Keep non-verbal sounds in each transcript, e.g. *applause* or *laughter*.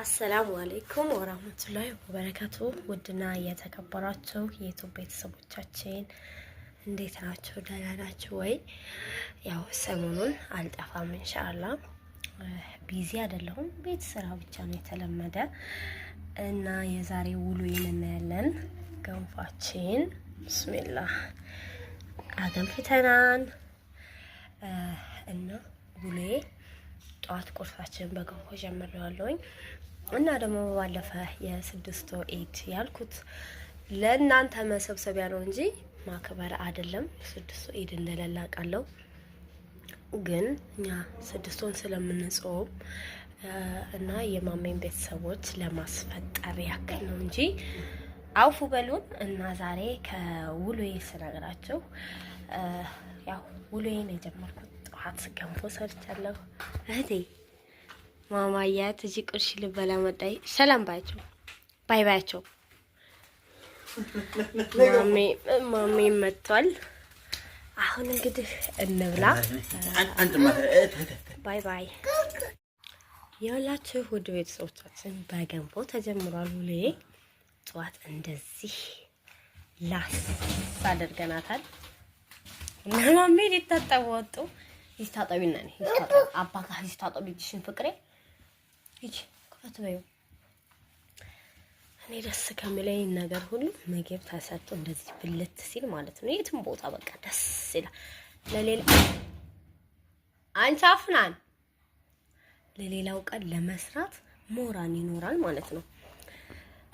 አሰላሙ አለይኩም ወራህመቱላሂ ወበረከቱ። ውድና የተከበራችሁ የዩቱብ ቤተሰቦቻችን እንዴት ናችሁ? ደህና ናችሁ ወይ? ያው ሰሞኑን አልጠፋም እንሻላ። ቢዚ አይደለሁም፣ ቤት ስራ ብቻ ነው የተለመደ እና የዛሬ ውሉ የምናያለን ገንፏችን ብስሚላ አገንፍተናን እና ውሎዬ ጠዋት ቁርሳችን በገንፎ ጀምሬዋለሁኝ። እና ደግሞ ባለፈ የስድስት ኤድ ያልኩት ለእናንተ መሰብሰቢያ ነው እንጂ ማክበር አይደለም። ስድስቱ ኤድ እንደለላቃለው ግን እኛ ስድስቱን ስለምንጾም እና የማሜን ቤተሰቦች ለማስፈጠር ያክል ነው እንጂ አውፉ በሉን እና ዛሬ ከውሎዬ ስነግራቸው ያው ውሎዬን የጀመርኩት ጠዋት ገንፎ ሰርቻለሁ እህቴ ማማያት እዚህ ቁርስ ልበላ መጣይ ሰላም ባያቸው ባይ ባያቸው ማሜ መጥቷል። አሁን እንግዲህ እንብላ ባይ ባይ። የሁላችሁ ውድ ቤተሰቦቻችን በገንቦ ተጀምሯል። ውሌ ጠዋት እንደዚህ ላስ አድርገናታል እና ማሜ ሊታጠብ ወጡ። ይስታጠቢና ይስታጠብ አባካ ይስታጠብ ልጅሽን ፍቅሬ ይች ቁጥ በዩ እኔ ደስ ከሚለኝ ነገር ሁሉ ምግብ ተሰርቶ እንደዚህ ብልት ሲል ማለት ነው። የትም ቦታ በቃ ደስ ይላል። ለሌላ አንቻፍናን ለሌላው ቀን ለመስራት ሞራን ይኖራል ማለት ነው።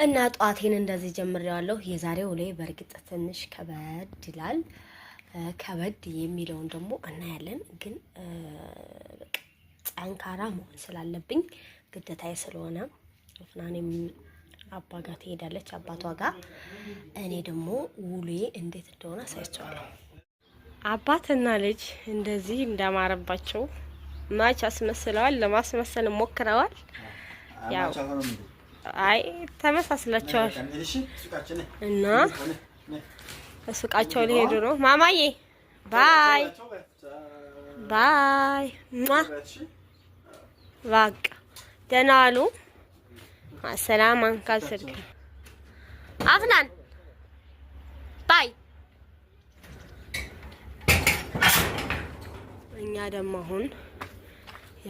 እና ጧቴን እንደዚህ ጀምሬዋለሁ። የዛሬው ላይ በእርግጥ ትንሽ ከበድ ይላል። ከበድ የሚለውን ደግሞ እናያለን። ግን ጠንካራ መሆን ስላለብኝ ግዴታዬ ስለሆነ ፍናኔም አባ ጋር ትሄዳለች፣ አባቷ ጋር እኔ ደግሞ ውሌ እንዴት እንደሆነ አሳያቸዋለሁ። አባትና ልጅ እንደዚህ እንዳማረባቸው ማች አስመስለዋል፣ ለማስመሰል ሞክረዋል። ያው አይ ተመሳስላቸዋል እና ሱቃቸው ሊሄዱ ነው። ማማዬ ባይ ባይ ማ በቃ ደህና አሉ። አሰላም አንካል ስልክ አፍናን ባይ እኛ ደግሞ አሁን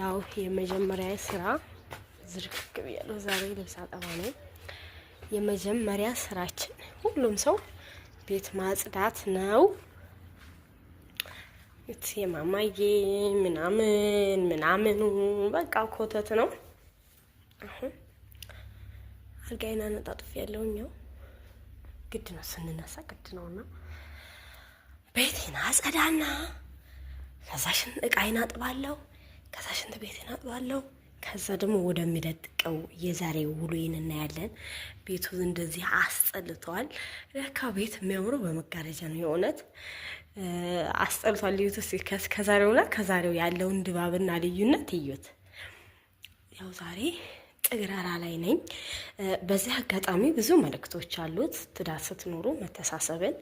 ያው የመጀመሪያ ስራ ዝርክክ ብያለሁ። ዛሬ ልብስ አጠባ ነው የመጀመሪያ ስራችን። ሁሉም ሰው ቤት ማጽዳት ነው። የማማዬ ምናምን ምናምኑ በቃ ኮተት ነው። አሁን አልጋዬን አነጣጥፍ ያለው እኛው ግድ ነው ስንነሳ ግድ ነው እና ቤቴን አጸዳና ከዛ ሽን እቃዬን አጥባለሁ ከዛ ሽንት ቤቴን አጥባለሁ። ከዛ ደግሞ ወደሚደጥቀው የዛሬ ውሎዬን እናያለን። ቤቱ እንደዚህ አስጠልቷል። ለካ ቤት የሚያምረው በመጋረጃ ነው። የእውነት አስጠልቷል። ልዩት ስ ከዛሬውና ከዛሬው ያለውን ድባብና ልዩነት እዩት። ያው ዛሬ ጥግረራ ላይ ነኝ። በዚህ አጋጣሚ ብዙ መልእክቶች አሉት። ትዳር ስትኖሩ መተሳሰብን።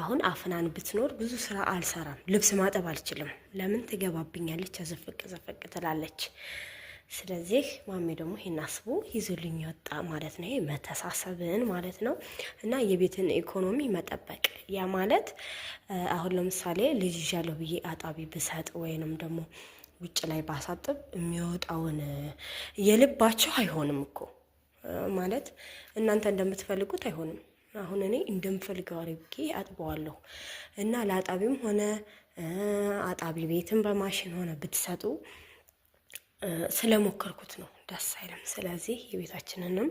አሁን አፍናን ብትኖር ብዙ ስራ አልሰራም፣ ልብስ ማጠብ አልችልም፣ ለምን ትገባብኛለች፣ ዘፈቅ ዘፈቅ ትላለች። ስለዚህ ማሜ ደግሞ ይህን አስቦ ይዞልኝ ወጣ ማለት ነው። መተሳሰብን ማለት ነው እና የቤትን ኢኮኖሚ መጠበቅ ያ ማለት አሁን ለምሳሌ ልጅ ያለው ብዬ አጣቢ ብሰጥ ወይንም ደግሞ ውጭ ላይ ባሳጥብ የሚወጣውን የልባቸው አይሆንም እኮ ማለት እናንተ እንደምትፈልጉት አይሆንም። አሁን እኔ እንደምፈልገው አድርጌ አጥበዋለሁ እና ለአጣቢም ሆነ አጣቢ ቤትም በማሽን ሆነ ብትሰጡ ስለሞከርኩት ነው ደስ አይልም። ስለዚህ የቤታችንንም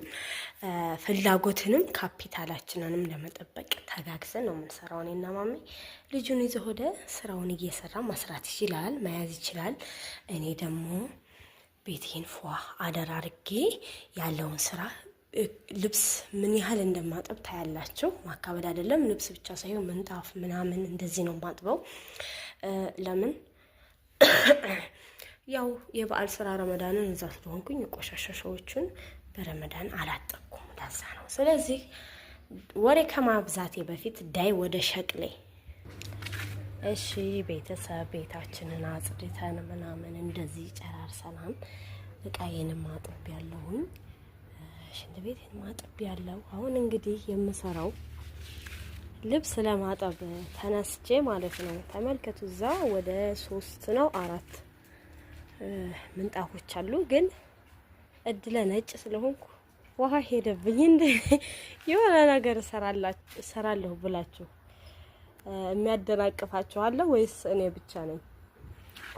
ፍላጎትንም ካፒታላችንንም ለመጠበቅ ተጋግዘን ነው የምንሰራው። እኔና ማሜ ልጁን ይዞ ወደ ስራውን እየሰራ ማስራት ይችላል፣ መያዝ ይችላል። እኔ ደግሞ ቤቴን ፏ አደራርጌ ያለውን ስራ ልብስ ምን ያህል እንደማጠብ ታያላቸው። ማካበድ አይደለም ልብስ ብቻ ሳይሆን ምንጣፍ ምናምን እንደዚህ ነው ማጥበው። ለምን ያው የበዓል ስራ ረመዳንን እዛ ስለሆንኩኝ የቆሻሻ ሸዎችን በረመዳን አላጠቁም። ለዛ ነው። ስለዚህ ወሬ ከማብዛቴ በፊት ዳይ ወደ ሸቅሌ። እሺ ቤተሰብ ቤታችንን አጽድተን ምናምን እንደዚህ ጨራር ሰላም እቃዬንም አጥብ ያለሁኝ ሽንት ቤት አጥብ ያለው። አሁን እንግዲህ የምሰራው ልብስ ለማጠብ ተነስቼ ማለት ነው። ተመልከቱ እዛ ወደ ሶስት ነው አራት ምንጣፎች አሉ። ግን እድለ ነጭ ስለሆንኩ ውሃ ሄደብኝ። እንደ *laughs* የሆነ ነገር እሰራለሁ ብላችሁ የሚያደናቅፋችሁ አለ ወይስ እኔ ብቻ ነኝ?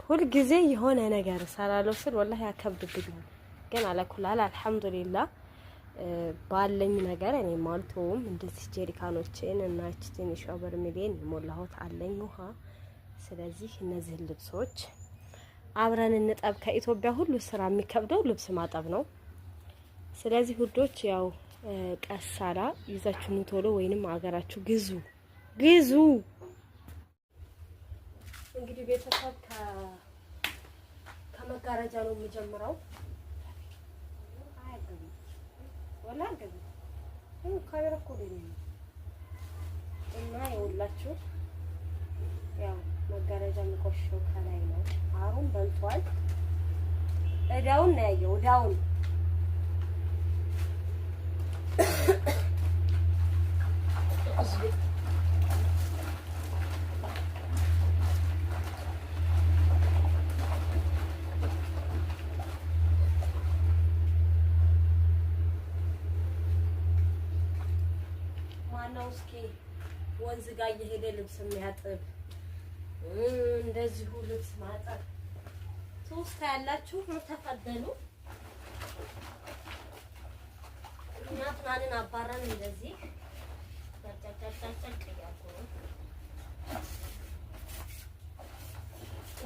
ሁልጊዜ የሆነ ነገር እሰራለሁ ስል ወላሂ ያከብድብኛል። ግን አለኩላል አልሐምዱሊላ ባለኝ ነገር እኔ ማልቶም እንደዚህ ጀሪካኖችን እና እቺ ትንሿ በርሜሌን የሞላሁት አለኝ ውሃ። ስለዚህ እነዚህን ልብሶች አብረን እንጠብ። ከኢትዮጵያ ሁሉ ስራ የሚከብደው ልብስ ማጠብ ነው። ስለዚህ ውዶች ያው ቀሳላ ይዛችሁ ቶሎ ወይንም አገራችሁ ግዙ ግዙ። እንግዲህ ቤተሰብ ከመጋረጃ ነው የሚጀምረው። ካሜራ እኮ እና የውላችሁ ያው መጋረጃ የሚቆሽሸው ከላይ ነው። አሁን በልቷል። እዳውን ነው ያየው። እዳውን ማነው እስኪ ወንዝ ጋር እየሄደ ልብስ የሚያጥብ እንደዚሁ ልብስ ማጠብ ትውስታ ያላችሁ ተፈደሉ። አባረን እንደዚህ ጨጨጨጨጨቅ እያልኩ ነው።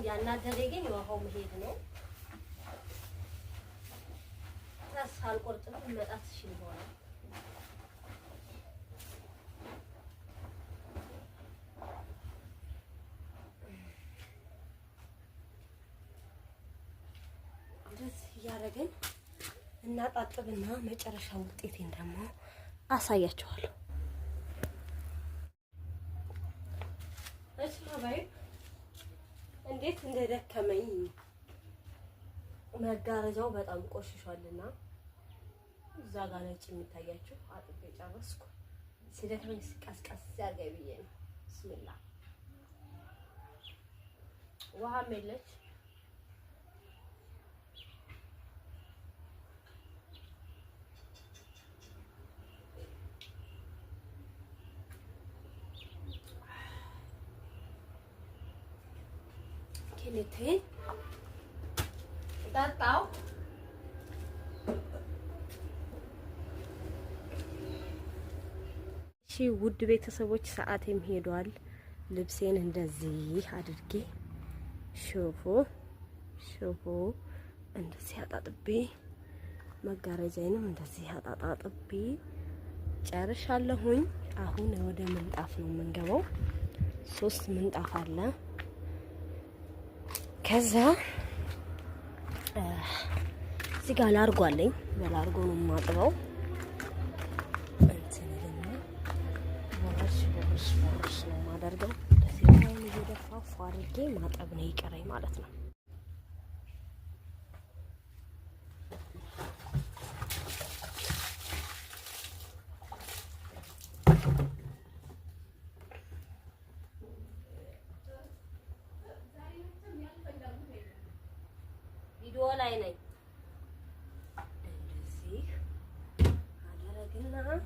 ያናደረኝ ግን መሄድ ነው። ተስፋ አልቆርጥም መጣት ይሆናል እያደረግን እናጣጥብና መጨረሻ ውጤቴን ደግሞ አሳያችኋለሁ። እሺ ባይ እንዴት እንደደከመኝ መጋረጃው በጣም ቆሽሿልና እዛ ጋር ነጭ የሚታያችሁ አጥቤ ጨረስኩ። ሲደክመኝ ቀስቀስ ያርገኝ ነው። ብስሚላ ውሃም የለች ቴኔቴን ጠጣው። እሺ ውድ ቤተሰቦች ሰዓቴም ሄዷል። ልብሴን እንደዚህ አድርጌ ሾፎ ሾፎ እንደዚህ አጣጥቤ መጋረጃዬንም እንደዚህ አጣጣጥቤ ጨርሻለሁኝ። አሁን ወደ ምንጣፍ ነው የምንገባው። ሶስት ምንጣፍ አለ። ከዛ እዚህ ጋር ላርጎ አለኝ። በላርጎ ነው የማጥበው። ቦርሽ ነው የማደርገው። ደስ ይላል። እየደፋ ፏ ማጠብ ነው ይቀረኝ ማለት ነው። ላይ ነኝ። እንደዚህ አደረግና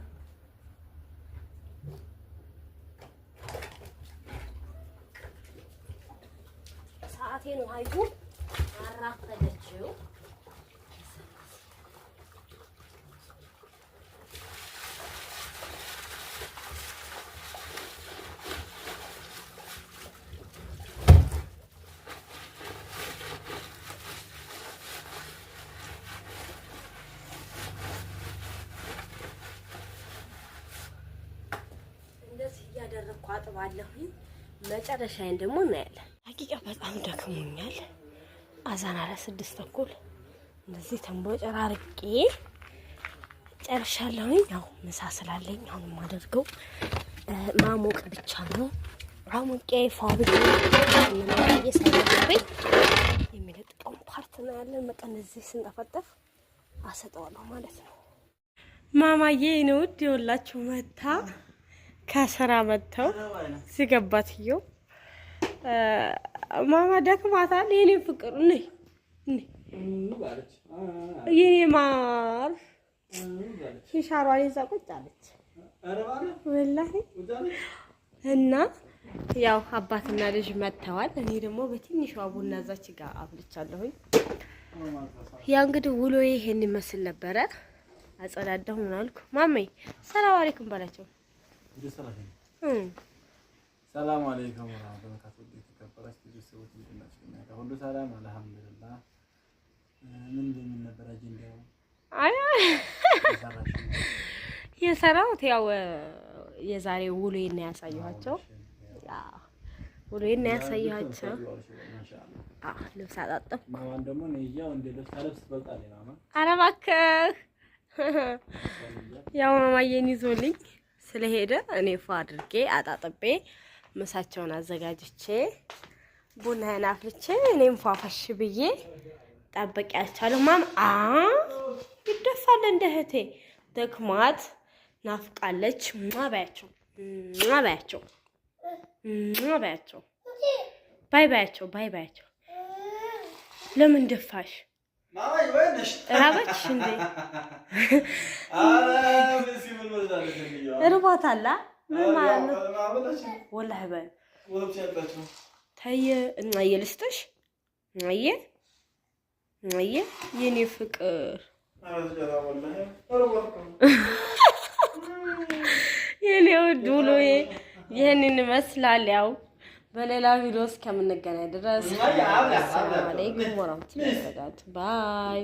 ሰዓቴን ውሃ አጥባለሁኝ። መጨረሻዬን ደግሞ እናያለን። ሀቂቃ በጣም ደክሞኛል። አዛን አለ ስድስት ተኩል እንደዚህ ተንቦ ተንቦጨራርቄ ጨርሻለሁኝ። ያው ምሳ ስላለኝ አሁን የማደርገው ማሞቅ ብቻ ነው። አሞቄ ፋብሪ እየሰራብኝ የሚለጥቀውን ፓርት ነው ያለን። በቃ እንደዚህ ስንጠፈጠፍ አሰጠዋለሁ ማለት ነው። ማማዬ ነው ውድ የወላችሁ መታ ከስራ መጥተው ሲገባትየው ማማ ደክማታል። የኔ ፍቅር ነ የኔ ማር ሽሻሯ ይዛ ቁጭ አለች። ወላሂ እና ያው አባትና ልጅ መጥተዋል። እኔ ደግሞ በትንሿ ቡና እዛች ጋር አብልቻለሁኝ። ያ እንግዲህ ውሎዬ ይሄን ይመስል ነበረ። አጸዳዳሁ ምናልኩ። ማመይ ሰላም አለይኩም በላቸው። ሰላም አለይኩም ወራህመቱላሂ ወበረካቱ። የተከበራችሁ ቤተሰቦች እንደምን ናችሁ? እና ሁሉ ሰላም አልሐምዱሊላህ። ምን ነበር አጀንዳው አይ የሰራሁት ያው የዛሬ ውሎዬን ነው ያሳየኋቸው። ውሎዬን ነው ያሳየኋቸው። አህ ልብስ አጣጠብኩ። ማን ደግሞ ነው ይያው እንደ ልብስ አለብስ ትበልጣለህ ማማ። ኧረ እባክህ ያው ማማዬን ይዞልኝ ስለሄደ እኔ ፎ አድርጌ አጣጥቤ ምሳቸውን አዘጋጅቼ ቡና አፍልቼ እኔም ፏፈሽ ብዬ ጠብቂያቸዋለሁ። ማም አ ይደፋል እንደ እህቴ ደክማት ናፍቃለች። ማባያቸው ማባያቸው ማባያቸው ባይ ባያቸው ባይ ባያቸው ለምን ደፋሽ? ራበች እንዴ? እርቦታል። ወላሂ በል ተይ። እናዬ ልስጥሽ። እናዬ እናዬ የኔ ፍቅር የኔ ውድ ውሎዬ ይህንን ይመስላል ያው በሌላ ቪዲዮ እስከምንገናኝ ድረስ ሰላም አለይኩም ወራህመቱላሂ ወበረካቱ ባይ